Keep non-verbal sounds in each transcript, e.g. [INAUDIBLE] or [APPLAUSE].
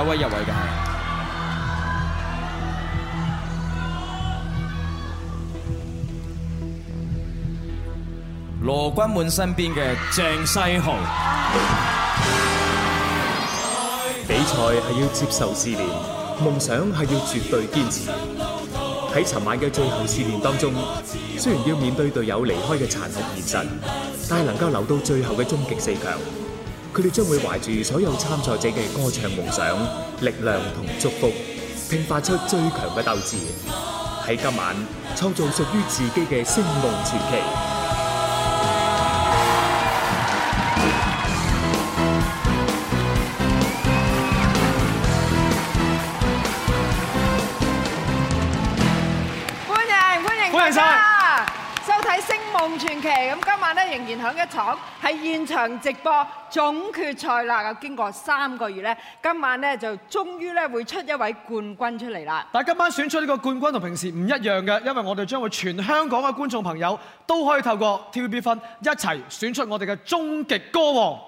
阿威位嚟噶，羅鈞滿身邊嘅鄭世豪，比賽係要接受試煉，夢想係要絕對堅持。喺尋晚嘅最後試煉當中，雖然要面對隊友離開嘅殘酷現實，但係能夠留到最後嘅終極四強。佢哋將會懷住所有參賽者嘅歌唱夢想、力量同祝福，拼發出最強嘅鬥志，喺今晚創造屬於自己嘅星夢傳奇。傳奇。咁今晚咧，仍然喺一廠喺現場直播總決賽啦！經過三個月咧，今晚咧就終於咧會出一位冠軍出嚟啦！但係今晚選出呢個冠軍同平時唔一樣嘅，因為我哋將會全香港嘅觀眾朋友都可以透過 TVB Fun 一齊選出我哋嘅終極歌王。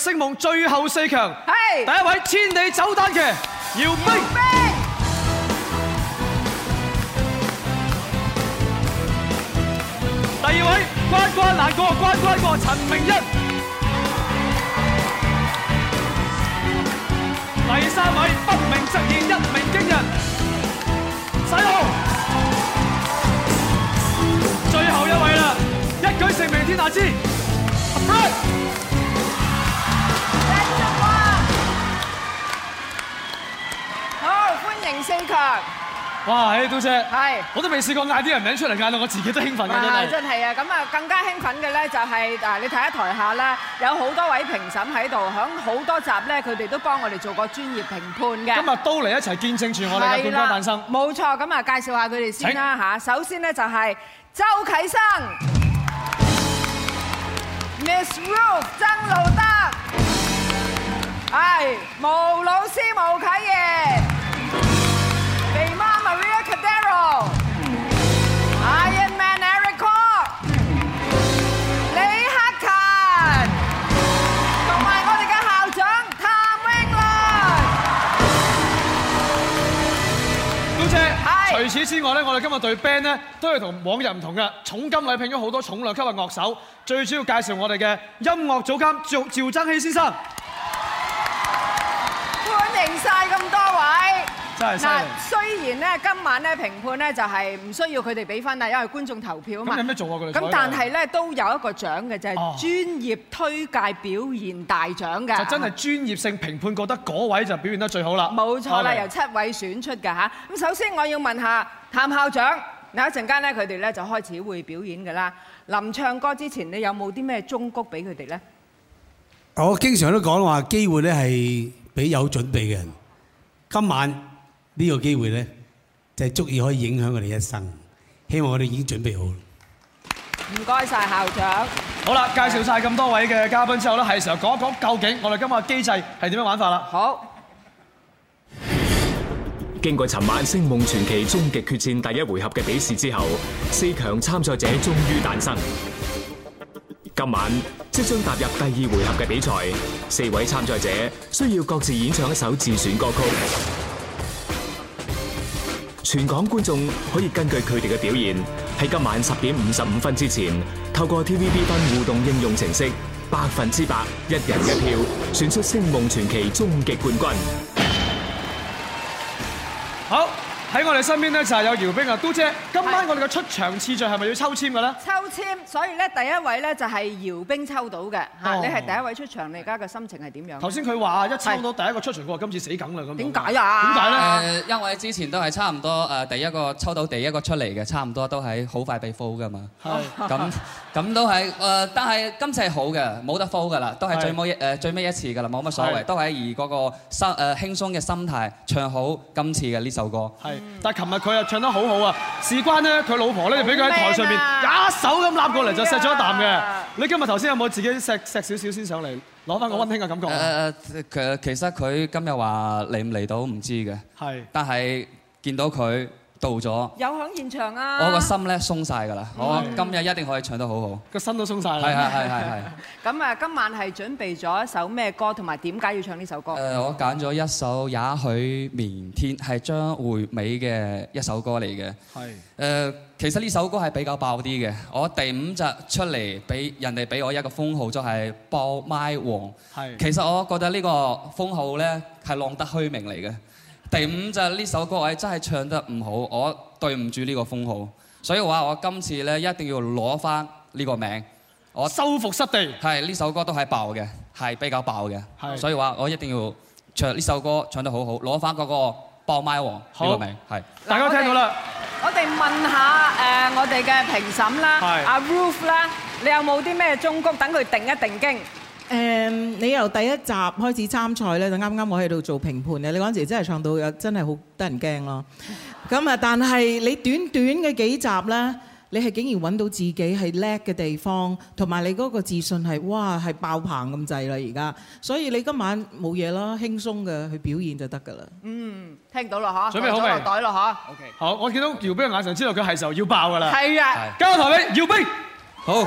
星夢最後四強，是第一位千里走單騎，姚貝飛，飛第二位關關難過關關過，陳明恩；飛第三位不鳴則已，一鳴驚人，冼浩，飛飛最後一位啦，一舉成名天下知，勁四強！哇，嘿，都姐，係，我都未試過嗌啲人名出嚟，嗌到我自己都興奮嘅，真係。啊，真係啊，咁啊，更加興奮嘅咧就係，嗱，你睇下台下咧，有好多位評審喺度，響好多集咧，佢哋都幫我哋做過專業評判嘅。咁啊，都嚟一齊見證住我哋嘅冠軍誕生。冇錯，咁啊，介紹下佢哋先啦吓。首先咧就係周啟生，Miss Ruth 曾路得，係，巫老師巫啟賢。除此之外咧，我哋今日對 band 咧都係同往日唔同嘅，重金禮聘咗好多重量級嘅樂手。最主要介紹我哋嘅音樂總監趙趙增熹先生。歡迎晒咁多。嗱，雖然咧今晚咧評判咧就係唔需要佢哋俾分啦，因為觀眾投票啊嘛。咁有咩做啊？佢哋咁，但係咧都有一個獎嘅，就係專業推介表現大獎嘅。就真係專業性評判覺得嗰位就表現得最好啦。冇錯啦，由七位選出㗎嚇。咁首先我要問下譚校長，嗱，一陣間咧佢哋咧就開始會表演㗎啦。臨唱歌之前，你有冇啲咩忠告俾佢哋咧？我經常都講話機會咧係俾有準備嘅人，今晚。呢個機會呢，就足以可以影響我哋一生。希望我哋已經準備好。唔該曬校長。好啦，介紹曬咁多位嘅嘉賓之後呢，係時候講一講究竟我哋今日嘅機制係點樣玩法啦。好。經過尋晚《星夢傳奇》終極決戰第一回合嘅比試之後，四強參賽者終於誕生。今晚即將踏入第二回合嘅比賽，四位參賽者需要各自演唱一首自選歌曲。全港觀眾可以根據佢哋嘅表現，喺今晚十點五十五分之前，透過 TVB Fun 互動應用程式，百分之百一人一票，選出《星夢傳奇》終極冠軍。好。喺我哋身邊咧就係有姚冰啊，姑姐，今晚我哋嘅出場次序係咪要抽籤嘅咧？抽籤，所以咧第一位咧就係姚冰抽到嘅。嚇，你係第一位出場，你而家嘅心情係點樣？頭先佢話一抽到第一個出場嘅話，今次死梗啦咁。點解啊？點解咧？誒，因為之前都係差唔多誒，第一個抽到第一個出嚟嘅，差唔多都係好快被 fail 嘅嘛。係。咁咁都係誒，但係今次係好嘅，冇得 fail 嘅啦，都係最尾一誒最尾一次嘅啦，冇乜所謂，都係以嗰個心誒輕鬆嘅心態唱好今次嘅呢首歌。係。但係琴日佢又唱得好好啊！事關咧，佢老婆咧就俾佢喺台上面一手咁攬過嚟就錫咗一啖嘅。你今日頭先有冇自己錫錫少少先上嚟攞翻個温馨嘅感覺啊？誒，其實佢今日話嚟唔嚟到唔知嘅。係，但係見到佢。到咗又喺現場啊！我個心咧鬆晒㗎啦，的我今日一定可以唱得好好。個心都鬆晒啦。係係係係係。咁啊，係 [LAUGHS] 今晚係準備咗一首咩歌，同埋點解要唱呢首歌？誒，我揀咗一首也許明天係將回味嘅一首歌嚟嘅。係的。誒，其實呢首歌係比較爆啲嘅。我第五集出嚟，俾人哋俾我一個封號，就係爆麥王。係。的其實我覺得呢個封號咧係浪得虛名嚟嘅。第五就係呢首歌，我真係唱得唔好，我對唔住呢個封號，所以話我今次咧一定要攞翻呢個名，我收復失地。係呢首歌都係爆嘅，係比較爆嘅，所以話我一定要唱呢首歌唱得好好，攞翻嗰個爆麥王呢個名。係，大家聽到啦。我哋問下誒我哋嘅評審啦，阿 Ruth 啦，你有冇啲咩忠告等佢定一定經？誒，你由第一集開始參賽咧，就啱啱我喺度做評判嘅。你嗰陣時真係唱到又真係好得人驚咯。咁啊，但係你短短嘅幾集咧，你係竟然揾到自己係叻嘅地方，同埋你嗰個自信係，哇，係爆棚咁滯啦而家。所以你今晚冇嘢啦，輕鬆嘅去表現就得㗎啦。嗯，聽到啦嚇，準備好未？袋啦嚇。OK。好，我見到姚兵眼神知道佢係時候要爆㗎啦。係啊。交台俾，姚兵。好。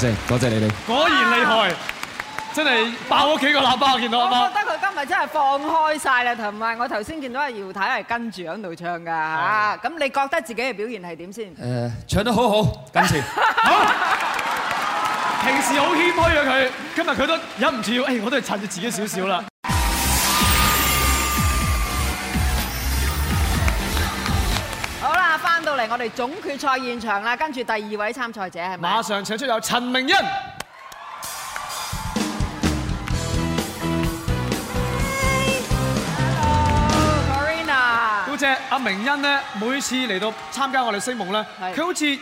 多謝，多謝你，你哋。果然厲害，啊、真係爆屋企個喇叭，見我到嗎？我覺得佢今日真係放開晒啦，同埋我頭先見到阿姚太係跟住喺度唱㗎。咁的你覺得自己嘅表現係點先？唱得好好，感謝 [LAUGHS] 平時好謙虛嘅佢，今日佢都忍唔住要、哎，我都係趁住自己少少啦。 [LAUGHS] 我哋總決賽現場啦，跟住第二位參賽者係咪？是是馬上請出有陳明恩。Hey. Hello, Karina. 多謝阿明恩呢，每次嚟到參加我哋星夢咧，佢是好似。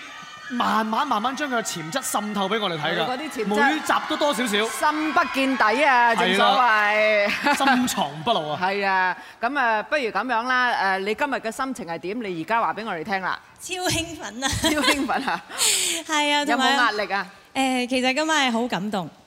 慢慢慢慢將佢嘅潛質滲透俾我哋睇㗎，每一集都多少少，深不見底啊！正所謂，深藏不露啊！係啊，咁啊，不如咁樣啦，誒，你今日嘅心情係點？你而家話俾我哋聽啦，超興奮啊！超興奮啊！係啊，有冇壓力啊？誒，其實今晚係好感動。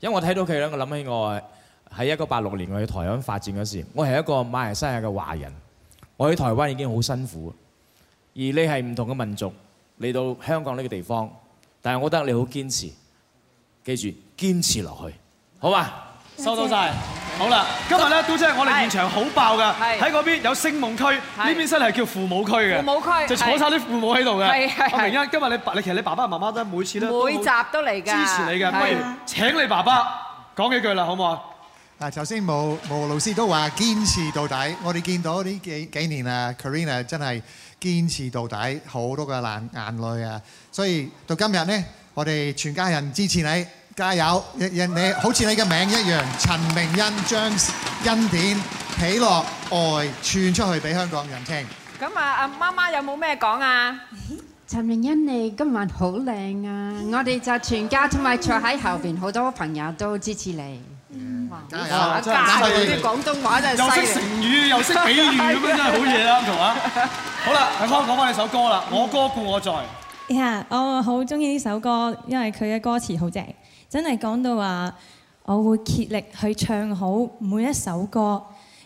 因為我睇到佢我諗起我喺一九八六年我去台灣發展嗰時，我係一個馬來西亞嘅華人，我喺台灣已經好辛苦，而你係唔同嘅民族嚟到香港呢個地方，但係我覺得你好堅持，記住堅持落去，好嘛？收到曬，好啦，今日咧都真係我哋現場好爆噶，喺嗰邊有星夢區，呢邊真係叫父母區嘅，父母區就坐曬啲父母喺度嘅。係，係，係，因為今日你你其實你爸爸媽媽都係每次咧每集都嚟噶，支持你嘅，不如請你爸爸講幾句啦，好唔好啊？嗱，首先毛毛老師都話堅持到底，我哋見到呢幾幾年啊，Karina 真係堅持到底，好多個眼眼淚啊，所以到今日咧，我哋全家人支持你。加油！人人你好似你嘅名一樣，陳明恩將恩典喜樂愛串出去俾香港人聽。咁啊，阿媽媽有冇咩講啊？陳明恩，你今晚好靚啊！我哋就全家同埋坐喺後邊，好多朋友都支持你。哇！真係啲廣東話真係。又識成語，又識比喻，咁樣真係好嘢啦，同啊！好啦，係講翻呢首歌啦。我歌故我在。Yeah，我好中意呢首歌，因為佢嘅歌詞好正。真係講到話，我會竭力去唱好每一首歌，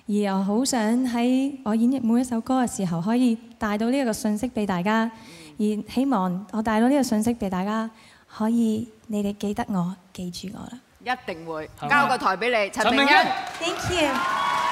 而又好想喺我演繹每一首歌嘅時候，可以帶到呢一個信息俾大家。而希望我帶到呢個信息俾大家，可以你哋記得我，記住我啦，一定會交個台俾你，陳明恩，Thank you。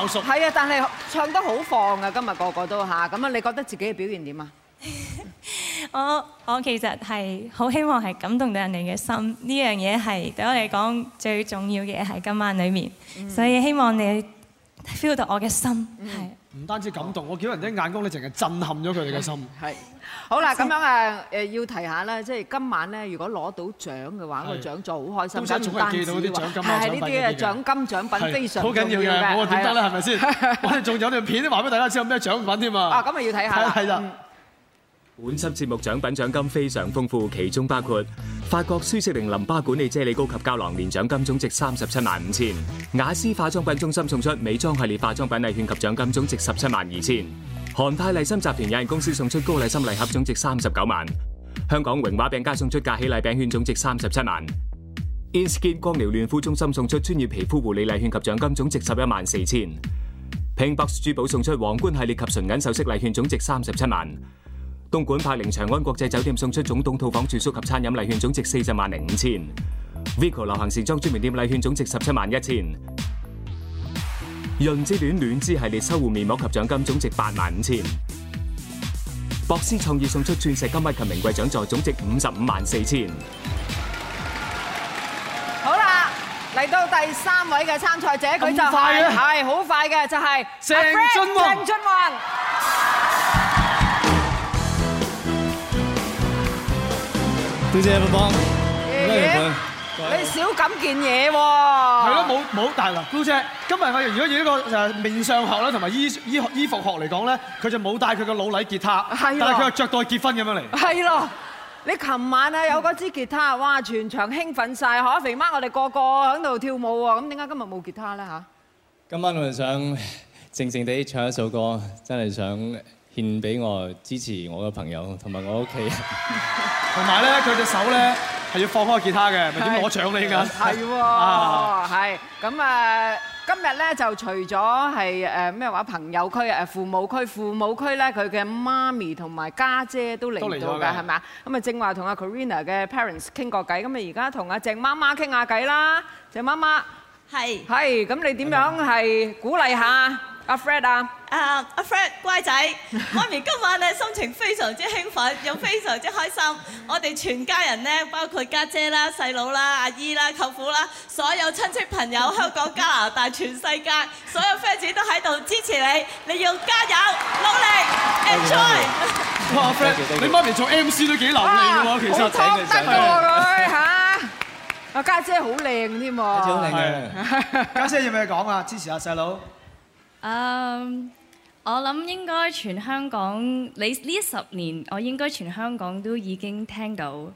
係啊，但係唱得好放啊！今日個個都嚇。咁啊，你覺得自己嘅表現點啊？我我其實係好希望係感動到人哋嘅心，呢樣嘢係對我嚟講最重要嘅嘢喺今晚裏面，所以希望你 feel 到我嘅心係。唔單止感動，我見到人哋眼光，你淨係震撼咗佢哋嘅心。係，好啦，咁樣誒誒要提下咧，即係今晚咧，如果攞到獎嘅話，個獎座好開心，把獎座記到啲獎金啊獎品嗰啲嘅。係呢啲誒獎金獎品非常緊要嘅，我點得咧係咪先？我哋仲有段片都話俾大家知，有咩獎品添嘛？啊，咁咪要睇下。係啦。本集節目獎品獎金非常豐富，其中包括法國舒適靈淋巴管理啫喱膏及膠囊，連獎金總值三十七萬五千；雅詩化妝品中心送出美妝系列化妝品禮券及獎金總值十七萬二千；韓泰麗心集團有限公司送出高麗參禮盒，總值三十九萬；香港榮華餅家送出嫁娶禮餅券，總值三十七萬；Inskin 光療嫩膚中心送出專業皮膚護理禮券及獎金，總值十一萬四千；平白珠寶送出皇冠系列及純銀首飾禮券，總值三十七萬。東莞柏寧長安國際酒店送出總統套房住宿及餐飲禮券總值四十萬零五千；Vico 流行時裝專門店禮券總值十七萬一千；潤之戀戀之系列修護面膜及獎金總值八萬五千；博思創意送出鑽石金飾及名貴獎座總值五十五萬四千。好啦，嚟到第三位嘅參賽者，佢就係係好快嘅，就係鄭俊弘。姑姐有冇幫？你少咁件嘢喎。係咯，冇冇帶啦，姑姐。今日我如果以一個誒面相學咧，同埋衣衣衣服學嚟講咧，佢就冇帶佢個老禮吉他，但係佢又着對結婚咁樣嚟。係咯，你琴晚啊有嗰支吉他，哇，全場興奮晒，吓肥媽，我哋個個響度跳舞喎，咁點解今日冇吉他咧吓？今晚我哋想靜靜地唱一首歌，真係想。獻俾我支持我嘅朋友同埋我屋企，同埋咧佢隻手咧係要放開吉他嘅，咪點攞獎你噶？係喎，係咁誒。今日咧就除咗係誒咩話朋友區誒父母區，父母區咧佢嘅媽咪同埋家姐都嚟到嘅，係咪啊？咁啊正話同阿 Corina 嘅 parents 傾過偈，咁啊而家同阿鄭媽媽傾下偈啦。鄭媽媽係係咁，你點樣係鼓勵下？阿 Fred 啊！啊，阿 Fred 乖仔，媽咪今晚咧心情非常之興奮，又非常之開心。我哋全家人咧，包括家姐啦、細佬啦、阿姨啦、舅父啦，所有親戚朋友，香港、加拿大、全世界，所有 fans 都喺度支持你，你要加油努力，enjoy！阿 Fred，你媽咪做 MC 都幾流利喎，其實。好彩得過佢嚇！阿家姐好靚添喎。家姐有咩講啊？支持阿細佬。嗯，um, 我諗應該全香港，你呢十年，我應該全香港都已經聽到、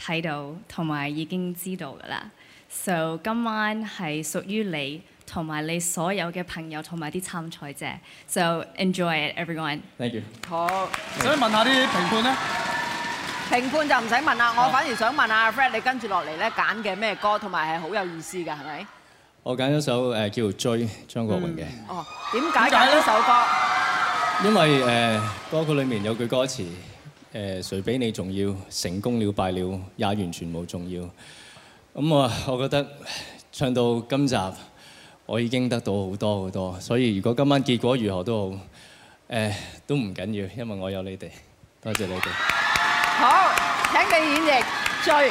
睇到同埋已經知道噶啦。So 今晚係屬於你同埋你所有嘅朋友同埋啲參賽者。So enjoy it, everyone。Thank you。好，Thank you. 想問下啲評判呢？評判就唔使問啦，我反而想問阿 Fred 你跟住落嚟咧揀嘅咩歌，同埋係好有意思噶，係咪？我揀咗首誒叫做《追》張國榮嘅。哦，點解揀咗首歌？因為誒歌曲裏面有句歌詞誒，誰比你重要？成功了、敗了，也完全冇重要。咁我我覺得唱到今集，我已經得到好多好多。所以如果今晚結果如何都好，誒都唔緊要，因為我有你哋。多謝你哋。好，請你演繹《追》。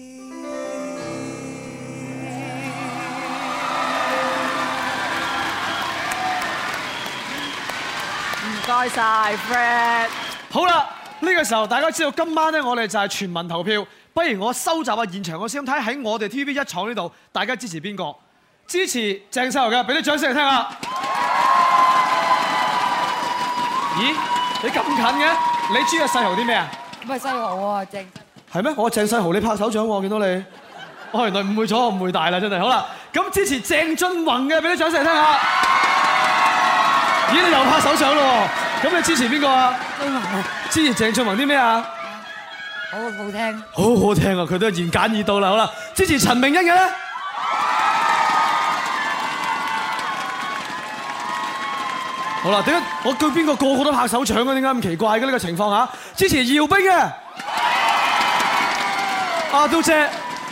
唔該曬，Fred。好啦，呢個時候大家知道今晚咧，我哋就係全民投票。不如我收集下現場嘅聲音，睇喺我哋 TV 一廠呢度，大家支持邊個？支持鄭世豪嘅，俾啲掌聲嚟聽下。 [LAUGHS] 咦？你咁近嘅？你支持世豪啲咩啊？唔係世豪喎，鄭世豪。係咩？我鄭世豪，你拍手掌喎，見到你。我、哦、原來誤會咗我誤會大啦，真係。好啦，咁支持鄭俊弘嘅，俾啲掌聲嚟聽下。咦，你又拍手掌咯？咁你支持邊個啊？ [LAUGHS] 支持鄭俊弘啲咩啊？好好聽，好好聽啊！佢都言簡意賅啦，好啦，支持陳明恩嘅咧。 [LAUGHS] 好啦，點解我叫邊個個個都拍手掌嘅、啊？點解咁奇怪嘅、啊、呢、這個情況啊？支持姚兵嘅。 [LAUGHS] 啊，杜姐，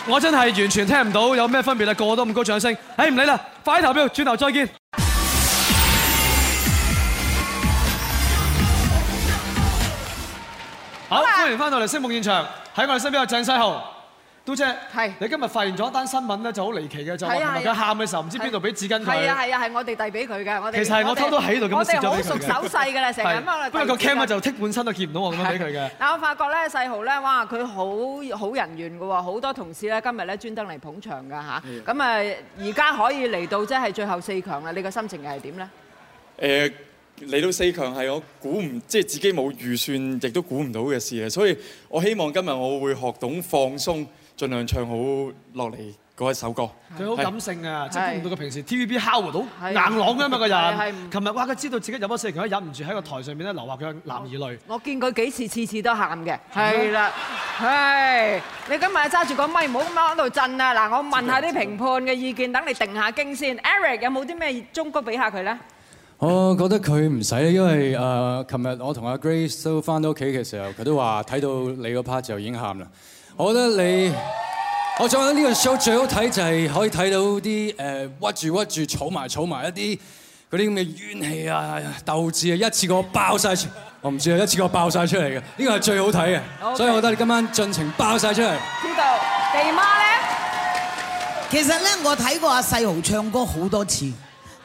我真係完全聽唔到有咩分別啊！個個都咁高掌聲，唉唔理啦，快啲投票，轉頭再見。好，歡迎翻到嚟《星夢現場》，喺我哋身邊有鄭世豪，都姐，係你今日發現咗一單新聞咧，就好離奇嘅，就係佢喊嘅時候，唔知邊度俾紙巾佢。係啊，係啊，係我哋遞俾佢嘅，我哋其實係我偷偷喺度咁樣做嘅。我哋好熟手勢嘅啦，成日咁樣。不過個 cam 啊就剔半身都見唔到我咁樣俾佢嘅。嗱，我發覺咧，世豪咧，哇，佢好好人緣嘅喎，好多同事咧今日咧專登嚟捧場嘅嚇。咁誒，而家可以嚟到即係最後四強啦，你個心情又係點咧？誒。嚟到四強係我估唔，即係自己冇預算，亦都估唔到嘅事啊！所以我希望今日我會學懂放鬆，盡量唱好落嚟嗰一首歌。佢好的感性啊，即係估唔到佢平時 TVB 烤活到硬朗嘅嘛個人。琴日哇，佢知道自己入咗四強，都忍唔住喺個台上面咧流下佢嘅男兒淚。我見佢幾次，次次都喊嘅。係啦，唉，你今日揸住個咪，唔好咁樣喺度震啊！嗱，我問下啲評判嘅意見，等你定下驚先。Eric 有冇啲咩忠告俾下佢咧？我覺得佢唔使，因為誒，琴日我同阿 Grace 都 h 翻到屋企嘅時候，佢都話睇到你個 part 就已經喊啦。我覺得你，我仲覺得呢個 show 最好睇就係可以睇到啲誒屈住屈住，儲埋儲埋一啲嗰啲咁嘅怨氣啊、鬥志啊，一次過爆晒出，我唔知啊，一次過爆晒出嚟嘅，呢個係最好睇嘅。的所以我覺得你今晚盡情爆晒出嚟。知道肥媽咧，其實咧，我睇過阿世豪唱歌好多次。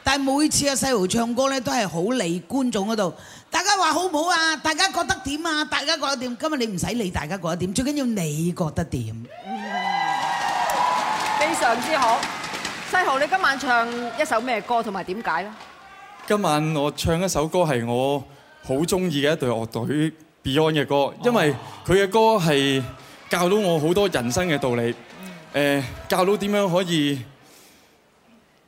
但係每次阿世豪唱歌咧，都係好理觀眾嗰度。大家話好唔好啊？大家覺得點啊？大家覺得點？今日你唔使理大家覺得點，最緊要你覺得點。非常之好，世豪，你今晚唱一首咩歌同埋點解咧？今晚我唱一首歌係我好鍾意嘅一隊樂隊 Beyond 嘅歌，因為佢嘅歌係教到我好多人生嘅道理，誒，教到點樣可以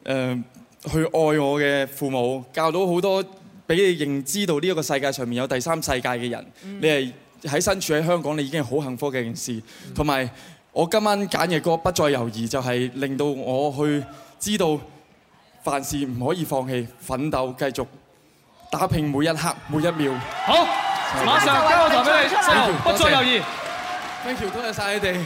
誒去愛我嘅父母，教到好多俾你認知道呢一個世界上面有第三世界嘅人，你係喺身處喺香港，你已經係好幸福嘅一件事。同埋我今晚揀嘅歌《不再猶豫》，就係、是、令到我去知道凡事唔可以放棄，奮鬥繼續打拼每一刻每一秒。好，馬上交頭俾你，出謝謝。不再猶豫，永橋多謝晒你哋。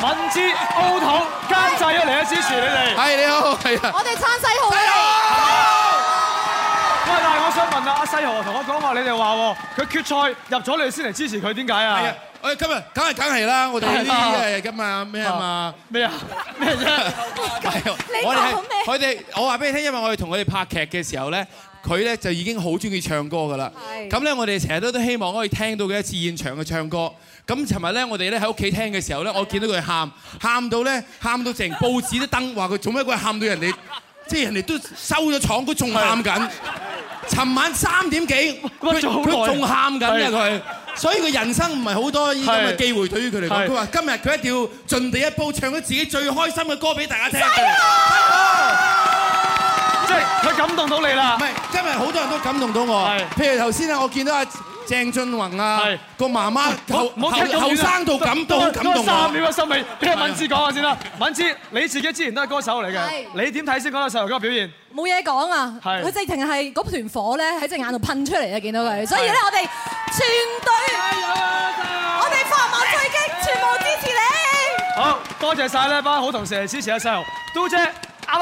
文字奧土監製一嚟啊，支持你哋。係你好，係啊。我哋撐世，世豪！世豪。喂，但係我想問啦，阿世豪同我講話，你哋話佢決賽入咗，你先嚟支持佢，點解啊？係啊。誒，今日梗係梗係啦，我哋呢啲係咁啊咩啊嘛咩啊咩啫。我哋係佢哋，我話俾你聽，因為我哋同佢哋拍劇嘅時候咧，佢咧的就已經好中意唱歌㗎啦。咁咧的，我哋成日都都希望可以聽到佢一次現場嘅唱歌。咁尋日咧，我哋咧喺屋企聽嘅時候咧，我見到佢喊，喊到咧，喊到成報紙都登，話佢做咩佢喊到人哋，即係 [LAUGHS] 人哋都收咗廠佢仲喊緊。尋晚三點幾，佢仲喊緊啊佢，所以佢人生唔係好多呢咁嘅機會對於佢嚟講。佢話今日佢一定要盡地一煲唱咗自己最開心嘅歌俾大家聽，啊。了即係佢感動到你啦。唔係，好多人都感動到我。是 譬如頭先我見到阿。鄭俊弘啊，個媽媽後後生到感動，感動啊！三秒嘅心理，俾阿敏芝講下先啦。敏芝，你自己之前都係歌手嚟嘅，你點睇先嗰個細路哥嘅表現？冇嘢講啊，佢直情係嗰團火咧喺隻眼度噴出嚟啊！見到佢，所以咧我哋全隊，我哋發毛追擊，全部支持你。好多謝曬咧，班好同事嚟支持阿細路。都姐啱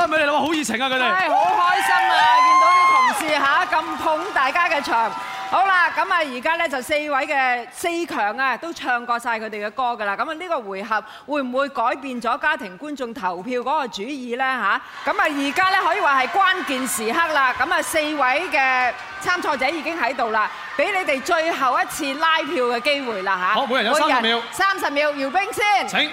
啱俾你，我好熱情啊！佢哋，係好開心啊！見到啲同事嚇咁捧大家嘅場。好啦，咁啊，而家咧就四位嘅四強啊，都唱過晒佢哋嘅歌噶啦。咁啊，呢個回合會唔會改變咗家庭觀眾投票嗰個主意咧？嚇，咁啊，而家咧可以話係關鍵時刻啦。咁啊，四位嘅參賽者已經喺度啦，俾你哋最後一次拉票嘅機會啦嚇。好，每人有三十秒。三十秒，姚冰先。請，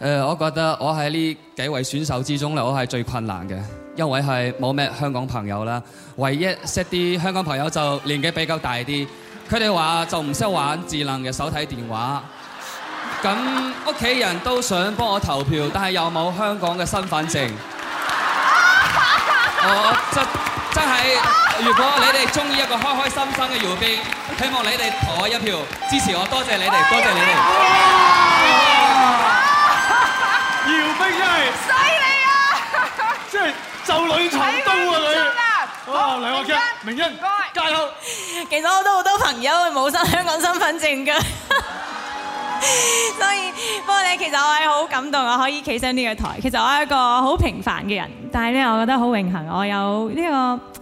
誒，我覺得我喺呢幾位選手之中咧，我係最困難嘅。一位係冇咩香港朋友啦，唯一識啲香港朋友就年紀比較大啲，佢哋話就唔識玩智能嘅手提電話，咁屋企人都想幫我投票，但係又冇香港嘅身份證， [LAUGHS] 我真真係，如果你哋鍾意一個開開心心嘅姚兵，希望你哋投我一票支持我，多謝你哋，多謝你哋。 [LAUGHS] 姚兵。因為就女藏刀啊！女，哇嚟我嘅明恩欣，明欣加油！其實我都好多朋友係冇身香港身份證嘅。 [LAUGHS] 所以，不過你其實我係好感動，我可以企上呢個台。其實我係一個好平凡嘅人，但係咧，我覺得好榮幸，我有呢個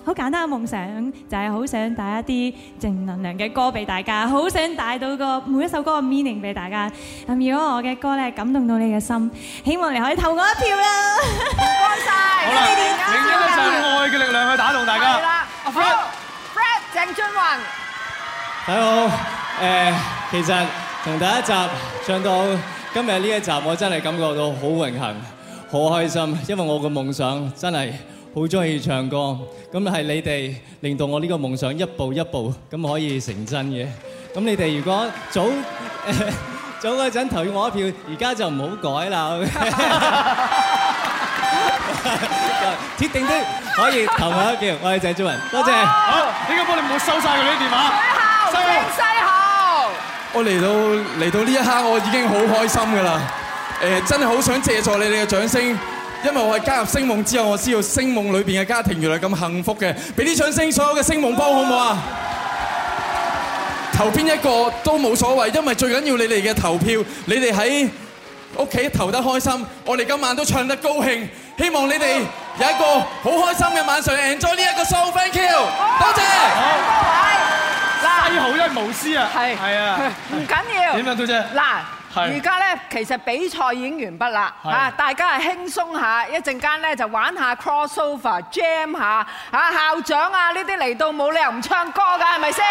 好簡單嘅夢想，就係好想帶一啲正能量嘅歌俾大家，好想帶到個每一首歌嘅 meaning 俾大家。咁如果我嘅歌咧感動到你嘅心，希望你可以投我一票啦！唔該晒，多謝點解。用一啲愛嘅力量去打動大家。好啦，Fred，Fred 鄭俊弘，你好。誒，其實。同第一集唱到今日呢一集，我真係感覺到好榮幸，好開心，因為我個夢想真係好中意唱歌，咁係你哋令到我呢個夢想一步一步咁可以成真嘅。咁你哋如果早誒早嗰陣投我一票，而家就唔好改啦，鐵定啲可以投我一票。我係鄭俊弘，多謝。好，應該幫你唔好收曬佢啲電話。水喉清洗。我嚟到嚟到呢一刻，我已經好開心㗎喇！誒，真係好想借助你哋嘅掌聲，因為我係加入星夢之後，我知道星夢裏邊嘅家庭原來咁幸福嘅。俾啲掌聲，所有嘅星夢幫好唔好啊？投邊一個都冇所謂，因為最緊要你哋嘅投票，你哋喺屋企投得開心，我哋今晚都唱得高興。希望你哋有一個好開心嘅晚上，enjoy 呢一個 show。Thank you，多謝。嗱，好一無私啊，係，係啊，唔緊要。點樣，杜姐？嗱，而家咧，其實比賽已經完畢啦，啊，大家係輕鬆下，一陣間咧就玩下 crossover jam 下，啊，校長啊，呢啲嚟到冇理由唔唱歌㗎，係咪先？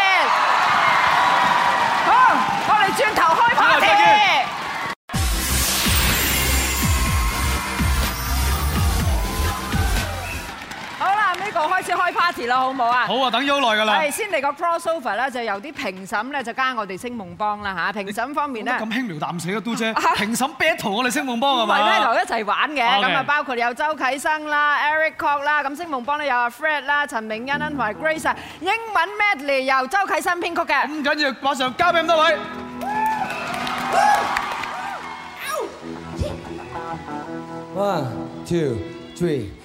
好，我哋轉頭開 party。個開始開 party 啦，好唔好啊？好啊，等咗好耐噶啦。係先嚟個 crossover 咧，就由啲評審咧就加我哋星夢幫啦嚇。評審方面咧，咁輕描淡寫都嘟啫。評審 battle 我哋星夢幫係嘛？battle 一齊玩嘅。咁啊，包括有周啟生啦、Eric Kwok 啦，咁星夢幫咧有阿 Fred 啦、陳明恩同埋 Grace 啊。英文 medley 由周啟生編曲嘅。唔緊要，馬上交俾咁多位。One two three。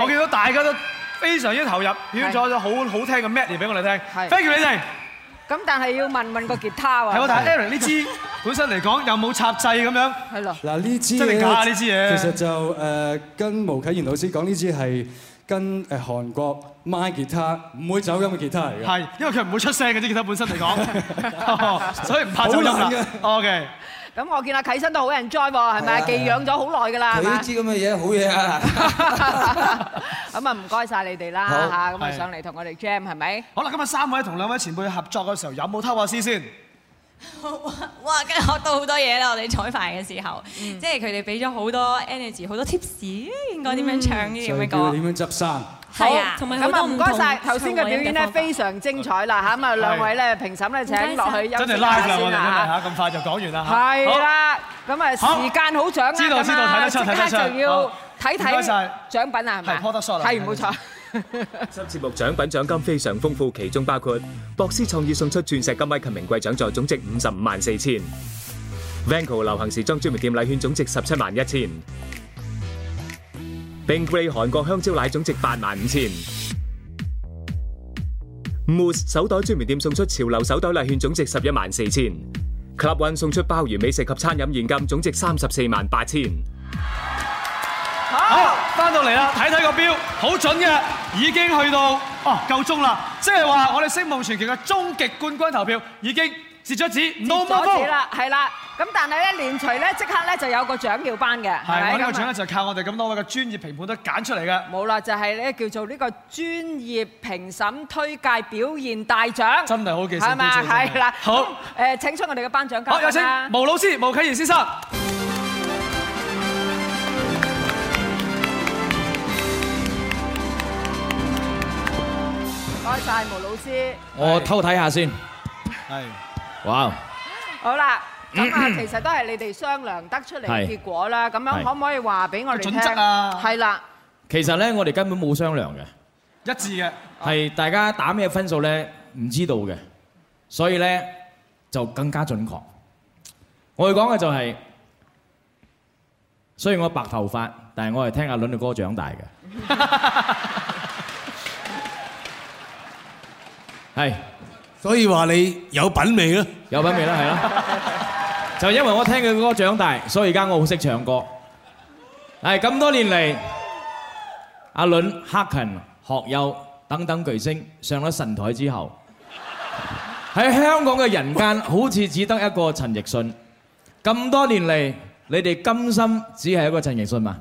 我見到大家都非常之投入，表演咗咗好好聽嘅《Magic》俾我哋聽。Thank you 你哋，咁但係要問問個吉他喎。係我睇，Aaron 呢支本身嚟講有冇插掣咁樣？係咯。嗱呢支真定假呢支嘢，其實就誒跟巫啟賢老師講呢支係跟誒韓國買吉他，唔會走音嘅吉他嚟嘅。係，因為佢唔會出聲嘅啲吉他本身嚟講，所以唔怕走音啦。OK。咁我見阿啟生都好 enjoy 喎，係咪啊？寄養咗好耐㗎啦，你知？呢啲咁嘅嘢好嘢啊！咁啊，唔該曬你哋啦嚇，咁啊上嚟同我哋 jam 係咪？好啦，今日三位同兩位前輩合作嘅時候，有冇偷下師先？哇哇，梗係學到好多嘢啦！我哋彩排嘅時候，即係佢哋俾咗好多 energy，好多 tips，應該點樣唱呢？點樣講？點樣執生？係啊，咁啊唔該曬頭先嘅表演咧，非常精彩啦嚇！咁啊兩位咧評審咧請落去有獎品。真係 live 㗎喎，真係嚇咁快就講完啦嚇。係啦，咁啊時間好長，知道知道，睇得出睇得出，即刻就要睇睇獎品啊係嘛？係 product shot 啊，係冇錯。今次節目獎品獎金非常豐富，其中包括博思創意送出鑽石金麥及名貴獎座，總值五十五萬四千；Vanco 流行時裝專門店禮券總值十七萬一千；Bingray 韓國香蕉奶總值八萬五千；Moose 手袋專門店送出潮流手袋禮券總值十一萬四千；Club One 送出鮑魚美食及餐飲現金總值三十四萬八千。好，翻到嚟啦，睇睇個表，好準嘅，已經去到哦，夠鐘啦，即係話我哋星夢傳奇嘅終極冠軍投票已經截咗止，No more 止啦，係啦，咁但係咧連隨咧即刻咧就有個獎要頒嘅，係，呢啲獎咧就靠我哋咁多位嘅專業評判都揀出嚟嘅，冇啦，就係咧叫做呢個專業評審推介表現大獎，真係好嘅，係咪？係啦，好，誒請出我哋嘅頒獎嘉賓啦，好，有請巫老師，巫啟賢先生。唔該曬，毛老師。我偷睇下先。係。哇！好啦，咁啊，其實都係你哋商量得出嚟結果啦。咁樣可唔可以話俾我哋聽？準則啊。係啦。其實咧，我哋根本冇商量嘅，一致嘅係大家打咩分數咧，唔知道嘅，所以咧就更加準確。我要講嘅就係，雖然我白頭髮，但係我係聽阿倫嘅歌長大嘅。係，所以話你有品味啦，有品味啦，係啦。就因為我聽佢嘅歌長大，所以而家我好識唱歌。係咁多年嚟，阿倫、克勤、學友等等巨星上咗神台之後，喺香港嘅人間好似只得一個陳奕迅。咁多年嚟，你哋甘心只係一個陳奕迅嘛？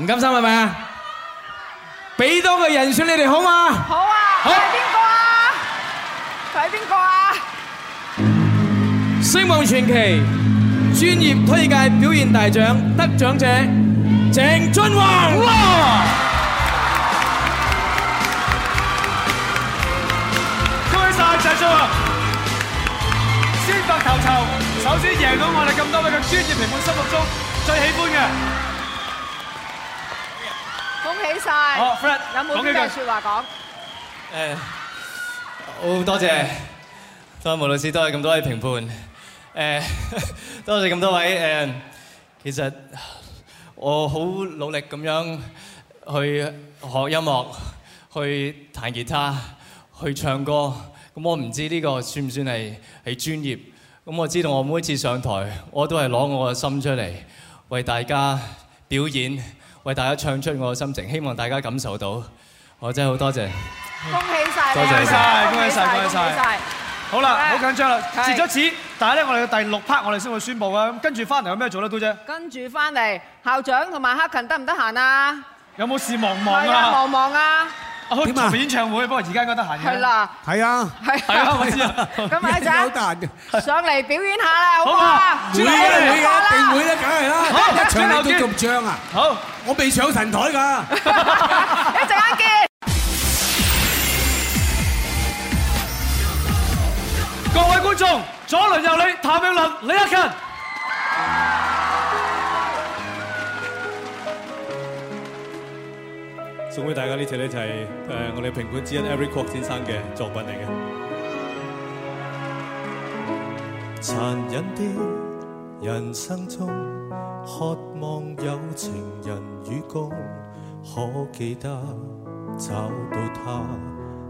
唔甘心係咪啊？俾多個人選你哋好嘛？好啊！好。睇邊個啊？星夢傳奇專業推介表現大獎得獎者鄭俊弘，恭喜晒鄭俊弘啊！先發頭籌，首先贏到我哋咁多位嘅專業評判心目中最喜歡嘅，恭喜晒！Fred，有冇咩說話講？誒。好多謝多謝毛老師，多謝咁多位評判，誒多謝咁多位誒。其實我好努力咁樣去學音樂，去彈吉他，去唱歌。咁我唔知呢個算唔算係係專業？咁我知道我每次上台，我都係攞我個心出嚟，為大家表演，為大家唱出我嘅心情，希望大家感受到。我真係好多謝。恭喜曬！恭喜曬！恭喜曬！恭喜曬！好啦，好緊張啦，截咗紙，但係咧，我哋嘅第六 part 我哋先會宣布啊。咁跟住翻嚟有咩做咧？都啫。跟住翻嚟，校長同埋克勤得唔得閒啊？有冇事忙唔忙啊？忙忙啊！我準備演唱會，不過而家應該得閒嘅。係啦。係啊。係啊，我知啦。咁阿姐，上嚟表演下啦，好嗎？會啦，會啦，定會啦，梗係啦。一搶都中獎啊！好，我未搶神台㗎。一陣間見。各位觀眾，左麟右李，譚詠麟，李克勤，送俾大家呢隻咧就係，誒，我哋評判之一 Eric Kwok 先生嘅作品嚟嘅。殘忍的人生中，渴望有情人與共，可記得找到他。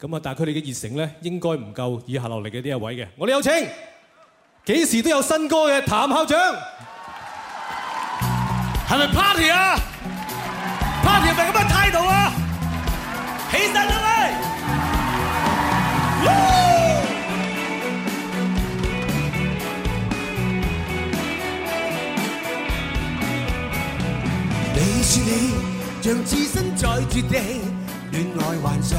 咁啊！但係佢哋嘅熱誠咧，應該唔夠以下落嚟嘅呢一位嘅，我哋有請，幾時都有新歌嘅譚校長是不是，係咪 party 啊？Party 係咪咁嘅態度啊！起身啦喂！你説你像置身在絕地，戀愛幻想。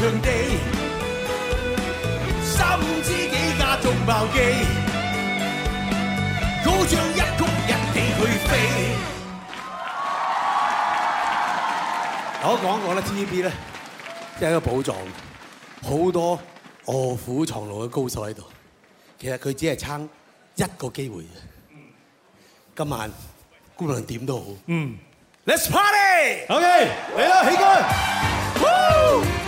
場地，三五知己加同爆機，高唱一曲一起去飛。我講，我講過啦 T V B 咧，即係一個寶藏，好多臥虎藏龍嘅高手喺度。其實佢只係撐一個機會。今晚姑娘點都、嗯、's 好，嗯，Let's Party，OK，嚟啦，起立， [MUSIC]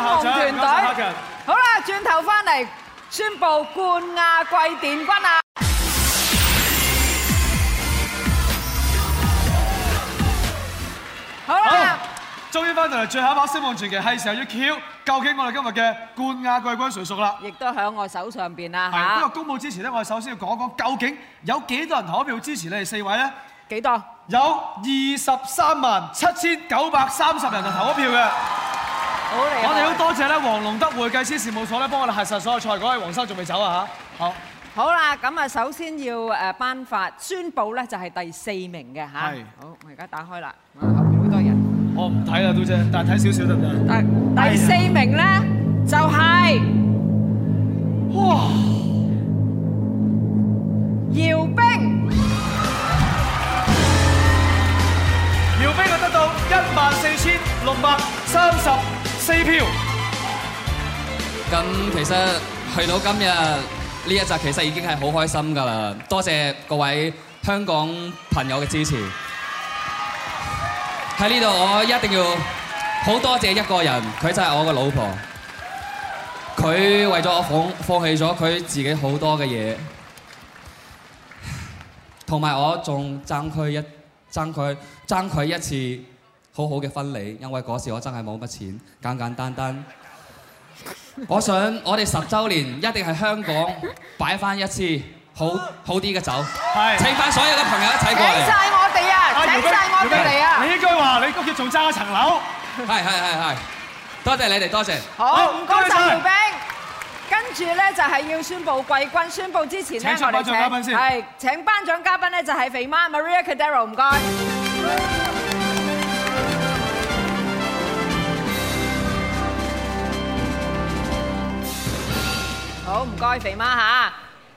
希望團隊，好啦，轉頭翻嚟宣佈冠亞季殿軍啊！好啦，終於翻到嚟最後一把星夢傳奇，係時候要決究竟我哋今日嘅冠亞季軍誰屬啦？亦都喺我手上邊啊！哈！不過公佈之前咧，我哋首先要講講究竟有幾多人投咗票支持你哋四位咧？幾多？有二十三萬七千九百三十人就投咗票嘅。我哋好多謝咧，黃龍德會計師事務所咧，幫我哋核實所有賽果。黃生仲未走啊嚇！好，好啦，咁啊，首先要誒頒發宣佈咧，就係第四名嘅嚇。係，好，我而家打開啦，啊，後面好多人。我唔睇啦，都姐，但睇少少得唔得？第第四名咧，就係，哇，姚冰，姚冰佢得到一萬四千六百三十。四票。咁其實去到今日呢一集，其實已經係好開心㗎啦。多謝各位香港朋友嘅支持。喺呢度我一定要好多謝一個人，佢就係我嘅老婆。佢為咗我放放棄咗佢自己好多嘅嘢，同埋我仲爭佢一爭佢爭佢一次。好好嘅婚禮，因為嗰時我真係冇乜錢，簡簡單單。我想我哋十週年一定係香港擺翻一次好好啲嘅酒，係請翻所有嘅朋友一齊過嚟。謝曬我哋啊！謝曬我哋啊！你應該話你都要做揸層樓。係係係係，多謝你哋，多謝。好唔該曬，廖兵。跟住咧就係要宣布季軍，宣布之前咧我哋請。係請頒獎嘉賓先。係請頒獎嘉賓咧就係肥媽 Maria Cordero，唔該。好，唔該，肥媽嚇，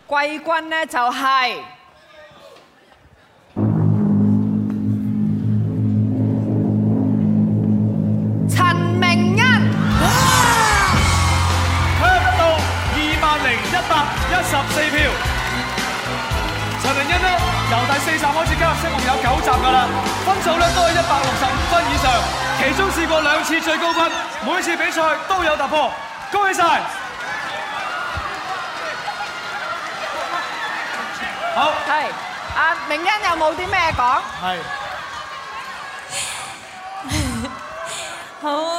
季、啊、軍呢，就係、是、 [MUSIC] 陳明恩，得唔到二萬零一百一十四票。陳明恩呢 [MUSIC] 由第四集開始加入星夢，有九集噶啦，分數呢都係一百六十五分以上，其中試過兩次最高分，每次比賽都有突破，恭喜晒！ [MUSIC] 好係，阿明恩有冇啲咩講？係，好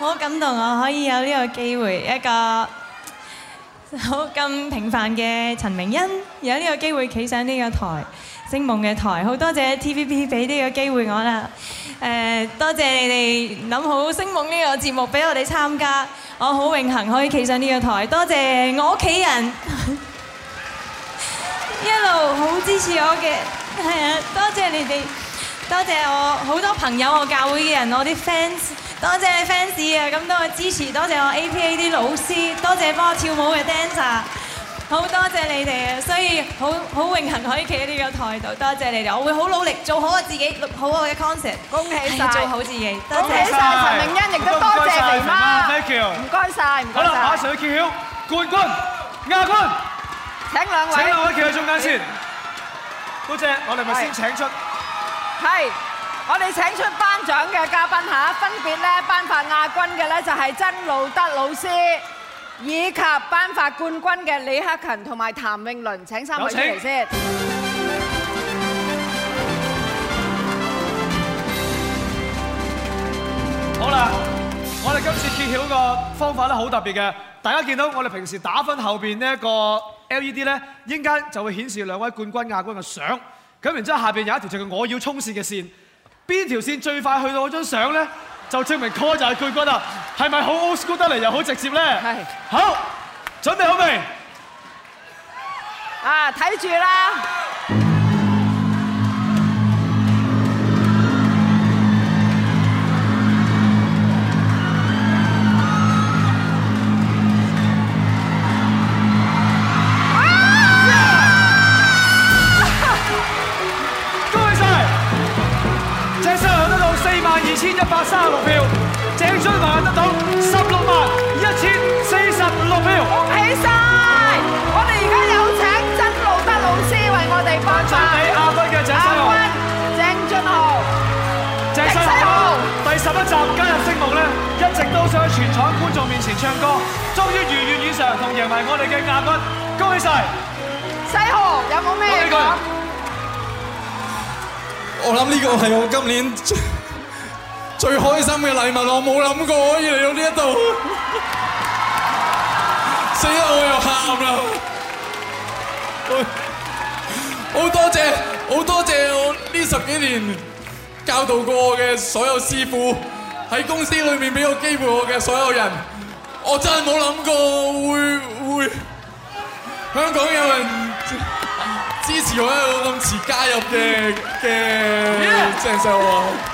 好感動，我可以有呢個機會，一個好咁平凡嘅陳明恩，有呢個機會企上呢個台，星夢嘅台，好多謝 TVB 俾呢個機會我啦，誒，多謝你哋諗好星夢呢個節目俾我哋參加，我好榮幸可以企上呢個台，多謝我屋企人。一路好支持我嘅，係啊！多謝你哋，多謝我好多朋友，我教會嘅人，我啲 fans，多謝 fans 啊！咁多嘅支持，多謝我 APA 啲老師，多謝幫我跳舞嘅 dancer，好多謝你哋啊！所以好好榮幸可以企喺呢個台度，多謝你哋，我會好努力做好我自己，錄好我嘅 concert，係做好自己。恭喜曬陳明恩，亦都多謝明媽，唔該曬，唔該曬。好啦，阿水橋冠軍亞軍。請兩位，請兩位企喺中間先。多謝，我哋咪先請出。係，我哋請出頒獎嘅嘉賓嚇，分別咧頒發亞軍嘅咧就係曾路得老師，以及頒發冠軍嘅李克勤同埋譚詠麟。請三位出嚟先。好，請。好啦。我哋今次揭曉個方法咧，好特別嘅。大家見到我哋平時打分後邊呢一個 LED 咧，一陣間就會顯示兩位冠軍亞軍嘅相。咁然之後下邊有一條就係我要衝線嘅線，邊條線最快去到嗰張相咧，就證明 c 哥就係冠軍啦。係咪好 old school 得嚟又好直接咧？係是。好，準備好未？啊，睇住啦！一百三十六票，鄭俊弘得到十六萬一千四十六票，起晒！我哋而家有請曾路得老師為我哋頒俾亞軍嘅鄭世豪，鄭世豪，鄭世豪，第十一集加入節目咧，一直都想喺全場觀眾面前唱歌，終於如願以償同贏埋我哋嘅亞軍，恭喜晒！世豪有冇咩？我諗呢個係我今年。最開心嘅禮物，我冇諗過可以嚟到呢一度，死啦，我又喊啦！好多謝，好多謝我呢十幾年教導過我嘅所有師傅，喺公司裏面俾我機會我嘅所有人，我真係冇諗過會會香港有人支持我一個咁遲加入嘅嘅鄭秀華。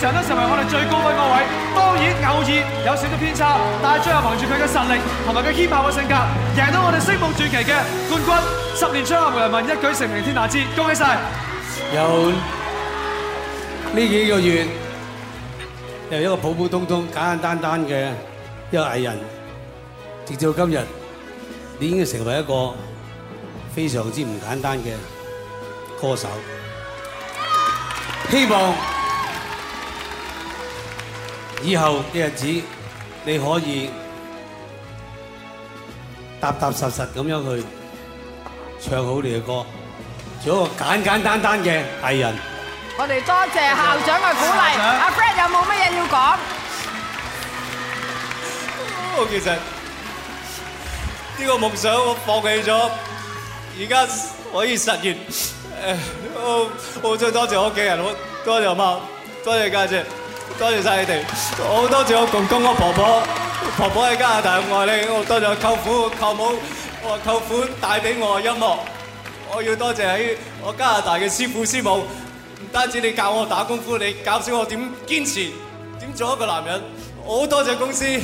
常都成為我哋最高分個位，當然偶爾有少少偏差，但係最後憑住佢嘅實力同埋佢堅毅嘅性格，贏到我哋星夢傳奇嘅冠軍。十年窗下無人問，一舉成名天下知。恭喜晒！由！呢幾個月，由一個普普通通、簡簡單單嘅一個藝人，直至到今日，你已經成為一個非常之唔簡單嘅歌手。希望。以後嘅日子，你可以踏踏實實咁樣去唱好你嘅歌，做一個簡簡單單嘅藝人。我哋多謝校長嘅鼓勵。阿 Brad 有冇乜嘢要講？好，其實呢個夢想我放棄咗，而家可以實現。誒，我我真係多謝屋企人，我多謝阿媽，多謝家姐。多謝晒你哋，好多謝我公公、我婆婆、婆婆喺加拿大，咁愛你，我多謝舅父、舅母，我舅父帶俾我音樂，我要多謝喺我加拿大嘅師傅師母，唔單止你教我打功夫，你教識我點堅持，點做一個男人，我好多謝公司，誒，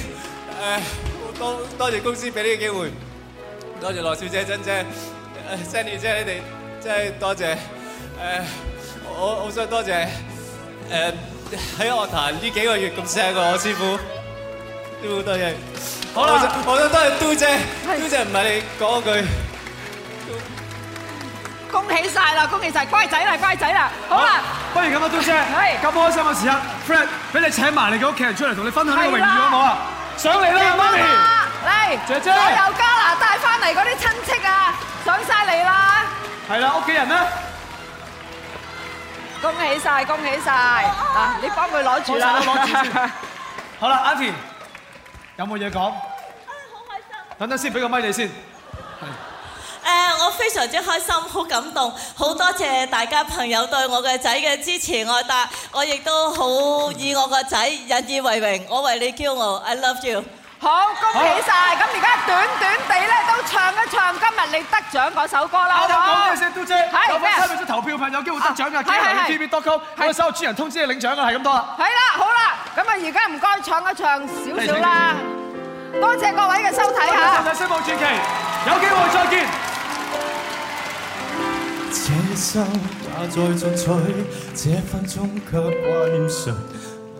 多多謝公司俾呢個機會，多謝羅小姐、珍姐、Sandy 姐你哋，真係多謝，誒，我我想多謝。誒，喺樂壇呢幾個月咁錫過我師傅，都好多謝。好啦，我都多謝嘟姐，嘟姐，唔係你講嗰句。恭喜曬啦！恭喜曬！乖仔啦！乖仔啦！好啦，不如咁啊，嘟姐，咁開心嘅時刻，friend，俾你請埋你嘅屋企人出嚟同你分享呢個榮譽好唔好啊？上嚟啦，媽咪，嚟，姐姐，由加拿大翻嚟嗰啲親戚啊，上曬嚟啦。係啦，屋企人咧。恭喜曬，恭喜曬！嗱，你幫佢攞住啦。攞住。好啦，阿田，有冇嘢講？啊，好開心。等陣先，俾個咪你先。誒，我非常之開心，好感動，好多謝大家朋友對我嘅仔嘅支持愛戴，我亦都好以我個仔引以為榮，我為你驕傲，I love you。好，恭喜曬！咁而家短短地咧都唱一唱今日你得獎嗰首歌啦，好！多謝杜姐，多謝投票朋友有機會得獎嘅，記得去 TVB.com 去收主持人通知你領獎啊，係咁多啦。係啦，好啦，咁啊而家唔該唱一唱少少啦，多謝各位嘅收睇嚇。祝大家星夢傳奇，有機會再見。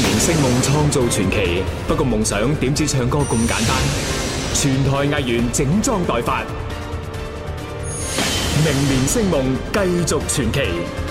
明年星夢創造傳奇，不過夢想點知唱歌咁簡單？全台藝員整裝待發，明年星夢繼續傳奇。